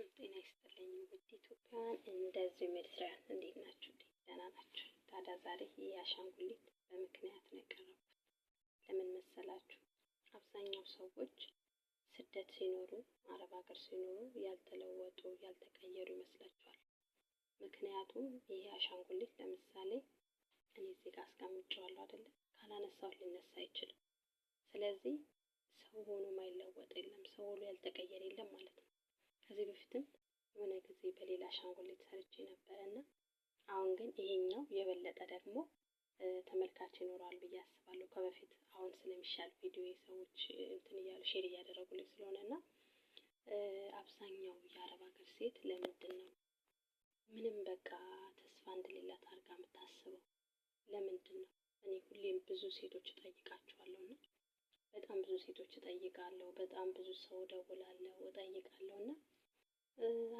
ጤና ይስጥልኝ ውድ ኢትዮጵያውያን፣ እንደዚህ ኤርትራውያን እንዴት ናችሁ? ደህና ናችሁ? ታዲያ ዛሬ ይህ አሻንጉሊት በምክንያት ነው ያቀረብኩት። ለምን መሰላችሁ? አብዛኛው ሰዎች ስደት ሲኖሩ፣ አረብ ሀገር ሲኖሩ ያልተለወጡ ያልተቀየሩ ይመስላችኋል። ምክንያቱም ይህ አሻንጉሊት ለምሳሌ እኔ እዚህ ጋር አስቀምጬዋለሁ አይደለም፣ ካላነሳሁት ሊነሳ አይችልም። ስለዚህ ሰው ሆኖ ማይለወጥ የለም፣ ሰው ሆኖ ያልተቀየረ የለም ማለት ነው። ከዚህ በፊትም የሆነ ጊዜ በሌላ አሻንጉሊት ሰርቼ ነበረ እና አሁን ግን ይሄኛው የበለጠ ደግሞ ተመልካች ይኖረዋል ብዬ አስባለሁ። ከበፊት አሁን ስለሚሻል ቪዲዮ ሰዎች እንትን እያሉ ሼር እያደረጉልኝ ስለሆነ እና አብዛኛው የአረብ ሀገር ሴት ለምንድን ነው ምንም በቃ ተስፋ እንደሌላት አድርጋ የምታስበው? ለምንድን ነው? እኔ ሁሌም ብዙ ሴቶች እጠይቃቸዋለሁ እና በጣም ብዙ ሴቶች እጠይቃለሁ፣ በጣም ብዙ ሰው ደውላለሁ፣ እጠይቃለሁ እና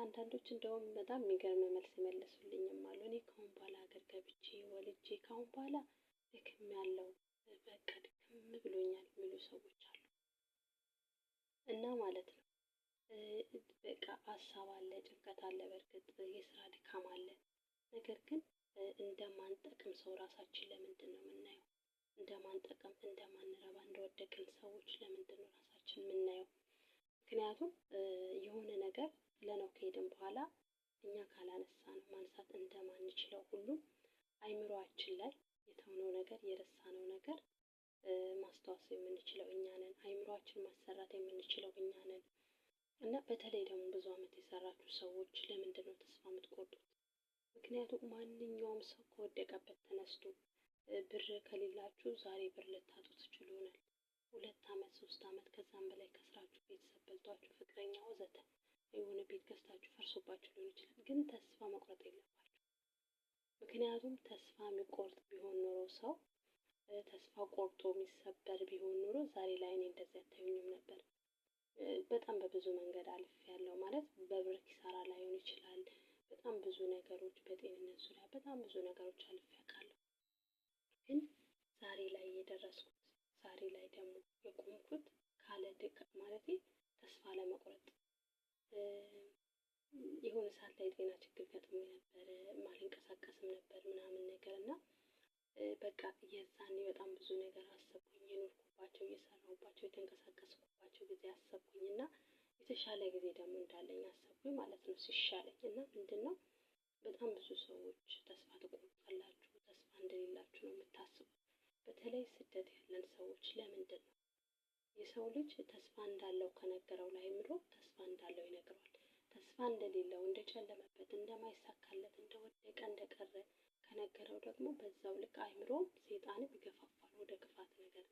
አንዳንዶች እንደውም በጣም የሚገርም መልስ የመለሱልኝም አሉ። እኔ ካሁን በኋላ ሀገር ገብቼ ወልጄ ካሁን በኋላ ድክም ያለው በቃ ድክም ብሎኛል የሚሉ ሰዎች አሉ እና ማለት ነው በቃ ሀሳብ አለ፣ ጭንቀት አለ፣ በእርግጥ የስራ ድካም አለ። ነገር ግን እንደማንጠቅም ሰው ራሳችን ለምንድን ነው የምናየው? እንደማንጠቅም፣ እንደማንረባ፣ እንደወደቅን ሰዎች ለምንድን ነው ራሳችን የምናየው? ምክንያቱም የሆነ ነገር ብለነው ከሄድን በኋላ እኛ ካላነሳ ነው ማንሳት እንደማንችለው ሁሉ አይምሯችን ላይ የተውነው ነገር የረሳነው ነገር ማስታወስ የምንችለው እኛ ነን። አይምሯችን ማሰራት የምንችለው እኛ ነን እና በተለይ ደግሞ ብዙ ዓመት የሰራችሁ ሰዎች ለምንድን ነው ተስፋ የምትቆርጡት? ምክንያቱም ማንኛውም ሰው ከወደቀበት ተነስቶ ብር ከሌላችሁ ዛሬ ብር ልታጡ ትችሉ ይሆናል። ሁለት ዓመት ሶስት ዓመት ከዛም በላይ ከስራችሁ የሆነ ቤት ገዝታችሁ ፈርሶባችሁ ሊሆን ይችላል። ግን ተስፋ መቁረጥ የለባችሁ። ምክንያቱም ተስፋ የሚቆርጥ ቢሆን ኖሮ ሰው ተስፋ ቆርጦ የሚሰበር ቢሆን ኖሮ ዛሬ ላይ እኔ እንደዚህ አታዩኝም ነበር። በጣም በብዙ መንገድ አልፍ ያለው ማለት በብር ኪሳራ ላይሆን ይችላል። በጣም ብዙ ነገሮች በጤንነት ዙሪያ በጣም ብዙ ነገሮች አልፍ አውቃለሁ። ግን ዛሬ ላይ የደረስኩት ዛሬ ላይ ደግሞ የቆምኩት ካለ ድቅ ማለቴ ተስፋ ለመቁረጥ የሆነ ሰዓት ላይ የጤና ችግር ገጥሞኝ ነበረ፣ ማልንቀሳቀስም ነበር ምናምን ነገር እና በቃ የዛኔ በጣም ብዙ ነገር አሰብኩኝ፣ የኖርኩባቸው፣ እየሰራሁባቸው፣ የተንቀሳቀስኩባቸው ጊዜ አሰብኩኝ እና የተሻለ ጊዜ ደግሞ እንዳለኝ አሰብኩኝ ማለት ነው ሲሻለኝ እና ምንድን ነው በጣም ብዙ ሰዎች ተስፋ ትቆርጣላችሁ፣ ተስፋ እንደሌላችሁ ነው የምታስቡት። በተለይ ስደት ያለን ሰዎች ለምንድን ነው የሰው ልጅ ተስፋ እንዳለው ከነገረው ላይ ምሮ ተስፋ እንዳለው ይነግረዋል። ተስፋ እንደሌለው፣ እንደጨለመበት፣ እንደማይሳካለት፣ እንደወደቀ፣ እንደቀረ ከነገረው ደግሞ በዛው ልክ አእምሮም ሴጣንም ይገፋፋል ወደ ክፋት ነገር።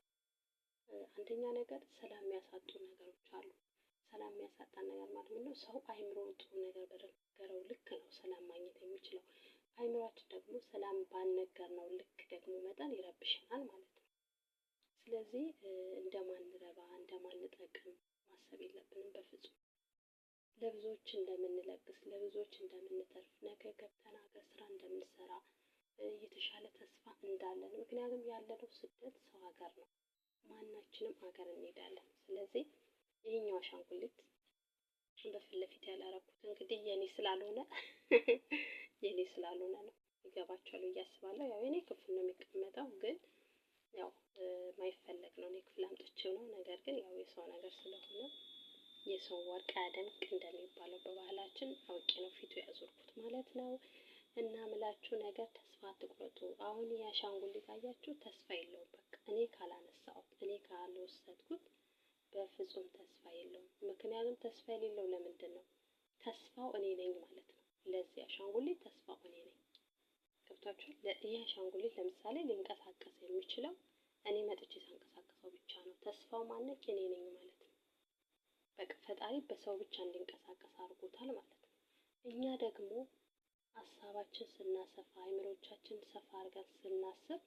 አንደኛ ነገር ሰላም የሚያሳጡ ነገሮች አሉ። ሰላም የሚያሳጣን ነገር ማለት ምንድነው? ሰው አእምሮ ጥሩ ነገር በነገረው ልክ ነው ሰላም ማግኘት የሚችለው። አይምሯችን ደግሞ ሰላም ነው ልክ ደግሞ መጠን ይረብሸናል ማለት ነው። ስለዚህ እንደማንረባ እንደማንጠቅም ማሰብ የለብንም በፍጹም። ለብዙዎች እንደምንለግስ፣ ለብዙዎች እንደምንጠርፍ ነገ ገብተን ሀገር ስራ እንደምንሰራ የተሻለ ተስፋ እንዳለን፣ ምክንያቱም ያለነው ስደት ሰው ሀገር ነው። ማናችንም ሀገር እንሄዳለን። ስለዚህ ይህኛው አሻንጉሊት በፊት ለፊት ያላረኩት እንግዲህ የኔ ስላልሆነ የኔ ስላልሆነ ነው። ይገባቸዋል ብዬ አስባለሁ። ያው የኔ ክፍል ነው የሚቀመጠው ግን ያው ማይፈለግ ነው። እኔ ክፍል አምጥቼው ነው። ነገር ግን ያው የሰው ነገር ስለሆነ የሰው ወርቅ አያደምቅ እንደሚባለው በባህላችን አውቄ ነው ፊቱ ያዞርኩት ማለት ነው። እና ምላችሁ ነገር ተስፋ አትቁረጡ። አሁን የአሻንጉሊት አያችሁ ተስፋ የለውም። በቃ እኔ ካላነሳሁት እኔ ካልወሰድኩት በፍጹም ተስፋ የለውም። ምክንያቱም ተስፋ የሌለው ለምንድን ነው? ተስፋው እኔ ነኝ ማለት ነው። ለዚህ አሻንጉሊት ተስፋው እኔ ነኝ። ገብታችኋል። ይህ አሻንጉሊት ለምሳሌ ሊንቀሳቀስ የሚችለው እኔ መጥቼ ሳንቀሳቀሰው ብቻ ነው። ተስፋው ማነች እኔ ነኝ ማለት ነው። በቃ ፈጣሪ በሰው ብቻ እንዲንቀሳቀስ አድርጎታል ማለት ነው። እኛ ደግሞ ሀሳባችን ስናሰፋ፣ አእምሮቻችን ሰፋ አድርገን ስናስብ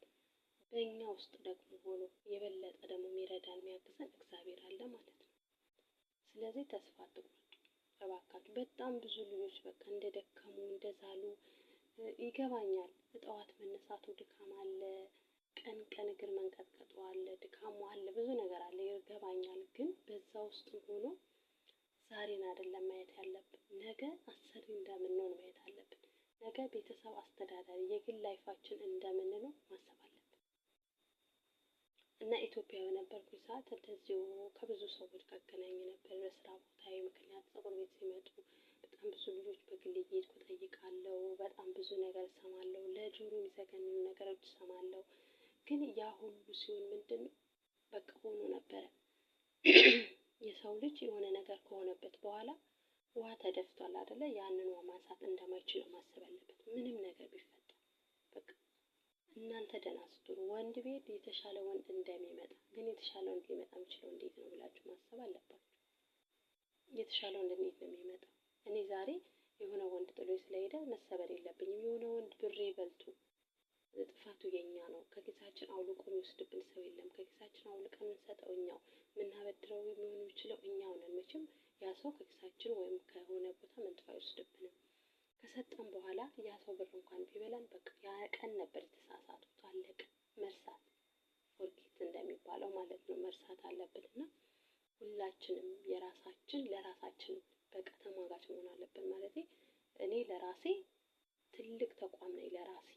በእኛ ውስጥ ደግሞ ሆኖ የበለጠ ደግሞ የሚረዳን የሚያግዘን እግዚአብሔር አለ ማለት ነው። ስለዚህ ተስፋ አትቁረጡ እባካችሁ። በጣም ብዙ ልጆች በቃ እንደደከሙ እንደዛሉ ይገባኛል። እጠዋት መነሳቱ ድካም አለ፣ ቀን ቀን እግር መንቀጥቀጡ አለ፣ ድካሙ አለ፣ ብዙ ነገር አለ፣ ይገባኛል። ግን በዛ ውስጥ ሆኖ ዛሬን አይደለም ማየት ያለብን፣ ነገ አሰሪ እንደምንሆን ማየት አለብን። ነገ ቤተሰብ አስተዳዳሪ፣ የግል ላይፋችን እንደምንኖር ማሰብ አለብን። እና ኢትዮጵያ በነበርኩኝ ሰዓት እንደዚሁ ከብዙ ሰዎች ጋር እገናኝ ነበር። በስራ ምክንያት ጸጉር ቤት ሲመጡ በጣም ብዙ ልጆች በግሌ እየሄድኩ ጠይቃለሁ። በጣም ብዙ ነገር እሰማለሁ። ለጆሮ የሚዘገንኑ ነገሮች እሰማለሁ። ግን ያ ሁሉ ሲሆን ምንድን ነው በቃ ሆኖ ነበረ። የሰው ልጅ የሆነ ነገር ከሆነበት በኋላ ውሃ ተደፍቷል አደለ? ያንን ውሃ ማንሳት እንደማይችለው ማሰብ አለበት። ምንም ነገር ቢፈጠር በቃ እናንተ ደህና ስትሆኑ ወንድ ቤት የተሻለ ወንድ እንደሚመጣ ግን የተሻለ ወንድ ሊመጣ የሚችለው እንዴት ነው ብላችሁ ማሰብ አለባችሁ። የተሻለ ወንድ እንዴት ነው የሚመጣው? እኔ ዛሬ የሆነ ወንድ ጥሎ ስለሄደ መሰበር የለብኝም። የሆነ ወንድ ብሬ ይበልጡ ጥፋቱ የኛ ነው። ከኪሳችን አውልቆ የሚወስድብን ሰው የለም። ከኪሳችን አውልቀ የምንሰጠው እኛው፣ የምናበድረው ሊሆን የሚችለው እኛው ነን። መቼም ያ ሰው ከኪሳችን ወይም ከሆነ ቦታ መንጥፋ አይወስድብንም። ከሰጠን በኋላ ያ ሰው ብር እንኳን ቢበላን በቃ ያ ቀን ነበር የተሳሳቱት። አለቀ። መርሳት ፎርጌት እንደሚባለው ማለት ነው። መርሳት አለብን እና ሁላችንም የራሳችን ለራሳችን በቃ ተሟጋች መሆን አለብን። ማለት እኔ ለራሴ ትልቅ ተቋም ነኝ። ለራሴ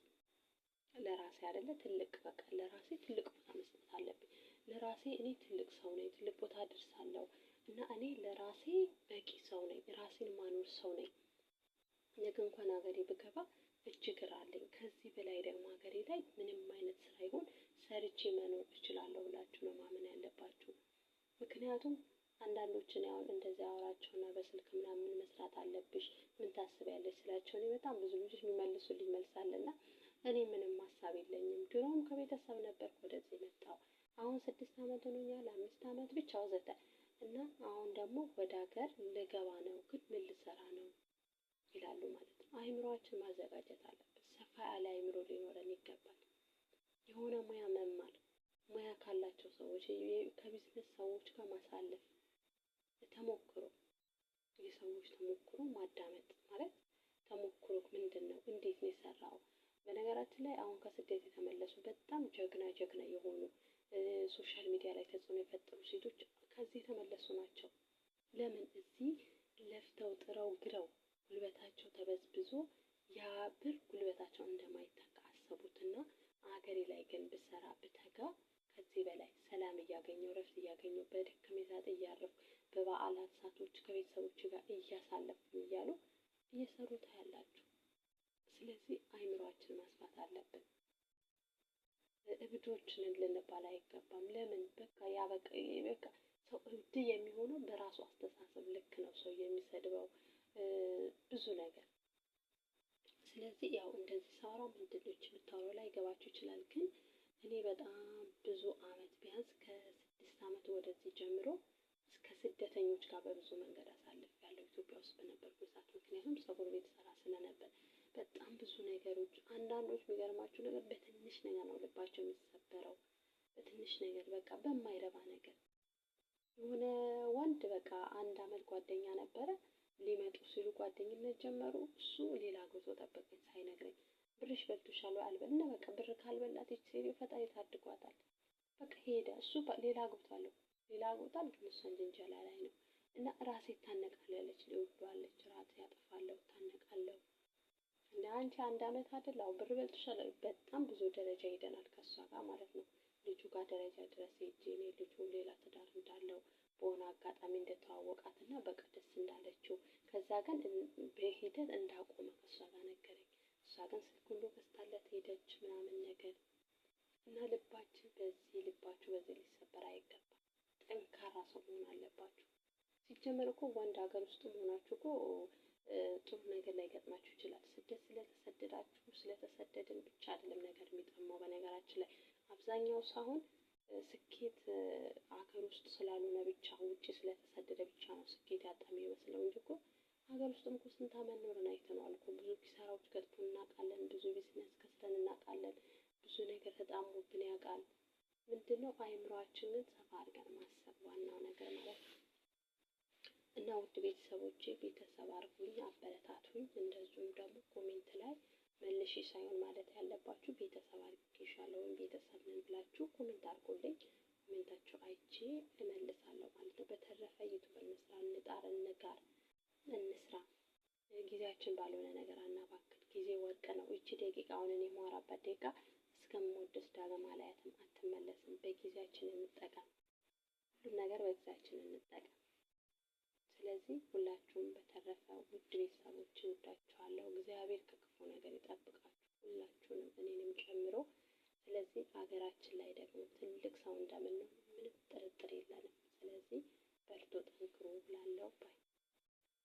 ለራሴ አይደለ ትልቅ በቃ ለራሴ ትልቅ ቦታ መስጠት አለብኝ። ለራሴ እኔ ትልቅ ሰው ነኝ፣ ትልቅ ቦታ ደርሳለሁ እና እኔ ለራሴ በቂ ሰው ነኝ፣ ራሴን ማኖር ሰው ነኝ። ነገ እንኳን ሀገሬ ብገባ እችግር አለኝ። ከዚህ በላይ ደግሞ ሀገሬ ላይ ምንም አይነት ስራ ይሁን ሰርቼ መኖር እችላለሁ ብላችሁ ምክንያቱም አንዳንዶችን ያው እንደዚህ አወራቸውና በስልክ ምናምን መስራት አለብሽ ምን ታስቢያለሽ ስላቸው እኔ በጣም ብዙ ልጆች የሚመልሱልኝ መልስ አለና እኔ ምንም ሀሳብ የለኝም። ድሮም ከቤተሰብ ነበር ወደዚህ የመጣው አሁን ስድስት ዓመት ሆኖኛል። አምስት ዓመት ብቻ ወዘተ እና አሁን ደግሞ ወደ ሀገር ልገባ ነው፣ ግን ምን ልሰራ ነው ይላሉ ማለት ነው። አይምሯችን ማዘጋጀት አለበት። ሰፋ ያለ አይምሮ ሊኖረን ይገባል። የሆነ ሙያ መማር ሙያ ካላቸው ሰዎች ከቢዝነስ ሰዎች ጋር ማሳለፍ ተሞክሮ የሰዎች ተሞክሮ ማዳመጥ ማለት ተሞክሮ ምንድን ነው? እንዴት ነው የሰራው? በነገራችን ላይ አሁን ከስደት የተመለሱ በጣም ጀግና ጀግና የሆኑ ሶሻል ሚዲያ ላይ ተጽዕኖ የፈጠሩ ሴቶች ከዚህ የተመለሱ ናቸው። ለምን እዚህ ለፍተው ጥረው ግረው ጉልበታቸው ተበዝብዞ ያ ብር ጉልበታቸው እንደማይተካ አሰቡትና አገሬ ላይ ግን ብሰራ ብተጋ ከዚህ በላይ ሰላም እያገኘው ረፍት እያገኘው በድካሜ ሳጥ እያረፍኩ በበዓላት ሰዓቶች ከቤተሰቦች ጋር እያሳለፍኩ እያሉ እየሰሩ ታያላችሁ። ስለዚህ አይምሯችን ማስፋት አለብን። እብዶችንን ልንባል አይገባም። ለምን በቃ ያበቀ በቃ ሰው እብድ የሚሆነው በራሱ አስተሳሰብ ልክ ነው ሰው የሚሰድበው ብዙ ነገር። ስለዚህ ያው እንደዚህ ሳወራ ምንድን ነው የምታወራው ገባችሁ ይችላል ግን እኔ በጣም ብዙ አመት ቢያንስ ከስድስት አመት ወደዚህ ጀምሮ እስከ ስደተኞች ጋር በብዙ መንገድ ያለው ኢትዮጵያ ውስጥ በነበርኩ ሰዓት። ምክንያቱም ፀጉር ቤት ስራ ስለነበር በጣም ብዙ ነገሮች፣ አንዳንዶች የሚገርማችሁ ነገር በትንሽ ነገር ነው ልባቸው የሚሰበረው። በትንሽ ነገር በቃ በማይረባ ነገር የሆነ ወንድ በቃ አንድ አመት ጓደኛ ነበረ ሊመጡ ሲሉ ጓደኝነት ጀመሩ። እሱ ሌላ ጉዞ ጠበቀኝ ሳይነግረኝ ብርሽ በልቶሻል አልበል እና በቃ ብር ካልበላት ይቺ ሴትዮ ፈጣሪ ታድጓታል። በቃ ሄደ እሱ ሌላ አግብቷል ሌላ አግብቷል፣ ግን እሷ ጀንጀላ ላይ ነው እና ራሴ ታነቃለለች ልውባለች ራሴ ያጠፋለሁ ታነቃለሁ እና አንቺ አንድ አመት አይደል አዎ ብር በልቶሻል። በጣም ብዙ ደረጃ ሄደናል ከእሷ ጋር ማለት ነው ልጁ ጋር ደረጃ ድረስ ሄጄ እኔ ልጁ ሌላ ትዳር እንዳለው በሆነ አጋጣሚ እንደተዋወቃት እና በቃ ደስ እንዳለችው ከዛ ግን በሂደት እንዳቆመ ከእሷ ጋር ነገረኝ። እሷ ግን ስልክ ሁሉ ገዝታለት ሄደች ምናምን ነገር እና ልባችን በዚህ ልባችሁ በዚህ ሊሰበር አይገባም። ጠንካራ ሰው መሆን አለባችሁ። ሲጀመር እኮ በአንድ ሀገር ውስጥ መሆናችሁ እኮ ጥሩ ነገር ላይ ገጥማችሁ ይችላል። ስደት ስለተሰደዳችሁ ስለተሰደድን ብቻ አይደለም ነገር የሚጠማው። በነገራችን ላይ አብዛኛው ሰው ስኬት አገር ውስጥ ስላልሆነ ብቻ ውጭ ስለተሰደደ ብቻ ነው ስኬት ያጣ የሚመስለው እንጂ እኮ ሀገር ውስጥም እኮ ስንት ዓመት ኖረን አይተነዋል እኮ ብዙ ኪሳራዎች ገጥሞን እናውቃለን። ብዙ ቢዝነስ ከስረን እናውቃለን። ብዙ ነገር ተጣሞብን ያውቃል። ምንድን ነው አእምሯችንን ሰፋ አድርገን ማሰብ ዋናው ነገር ማለት ነው። እና ውድ ቤተሰቦቼ ቤተሰብ አድርጉኝ፣ አበረታቱኝ። እንደዚሁም ደግሞ ኮሜንት ላይ መልሼ ሳይሆን ማለት ያለባችሁ ቤተሰብ አድርጌሻለሁ ወይም ቤተሰብ ነን ብላችሁ ኮሜንት አድርጎልኝ ኮሜንታችሁ አይቼ እመልሳለሁ ማለት ነው። በተረፈ ዩቱብ እንስራ፣ እንጣር፣ እንጋር እንስራ። ጊዜያችን ባልሆነ ነገር አናባክል። ጊዜ ወርቅ ነው። እቺ ደቂቃ አሁን እኔ የማወራበት ደቂቃ እስከምወደስ ዳግም አላያትም፣ አትመለስም። በጊዜያችን እንጠቀም። ሁሉም ነገር በጊዜያችን እንጠቀም። ስለዚህ ሁላችሁም በተረፈ ውድ ቤተሰቦች እወዳችኋለሁ። እግዚአብሔር ከክፉ ነገር ይጠብቃችሁ ሁላችሁንም እኔንም ጨምሮ። ስለዚህ ሀገራችን ላይ ደግሞ ትልቅ ሰው እንደምንሆን ምንም ጥርጥር የለንም። ስለዚህ በርቶ ጠንክሮ ላለው ባይ